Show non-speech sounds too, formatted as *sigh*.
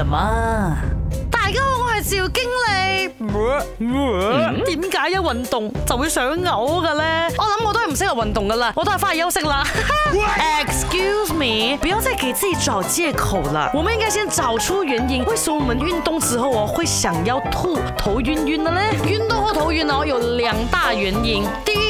什麼大家好，我係趙經理。嗯、點解一運動就會想嘔嘅咧？我諗我都係唔適合運動噶啦，我都係翻去休息啦。 *laughs* Excuse me，不要再給自己找借口啦。我們應該先找出原因，為什麼我們運動之後我會想要吐、頭暈暈的呢？運動後頭暈哦有兩大原因，第一。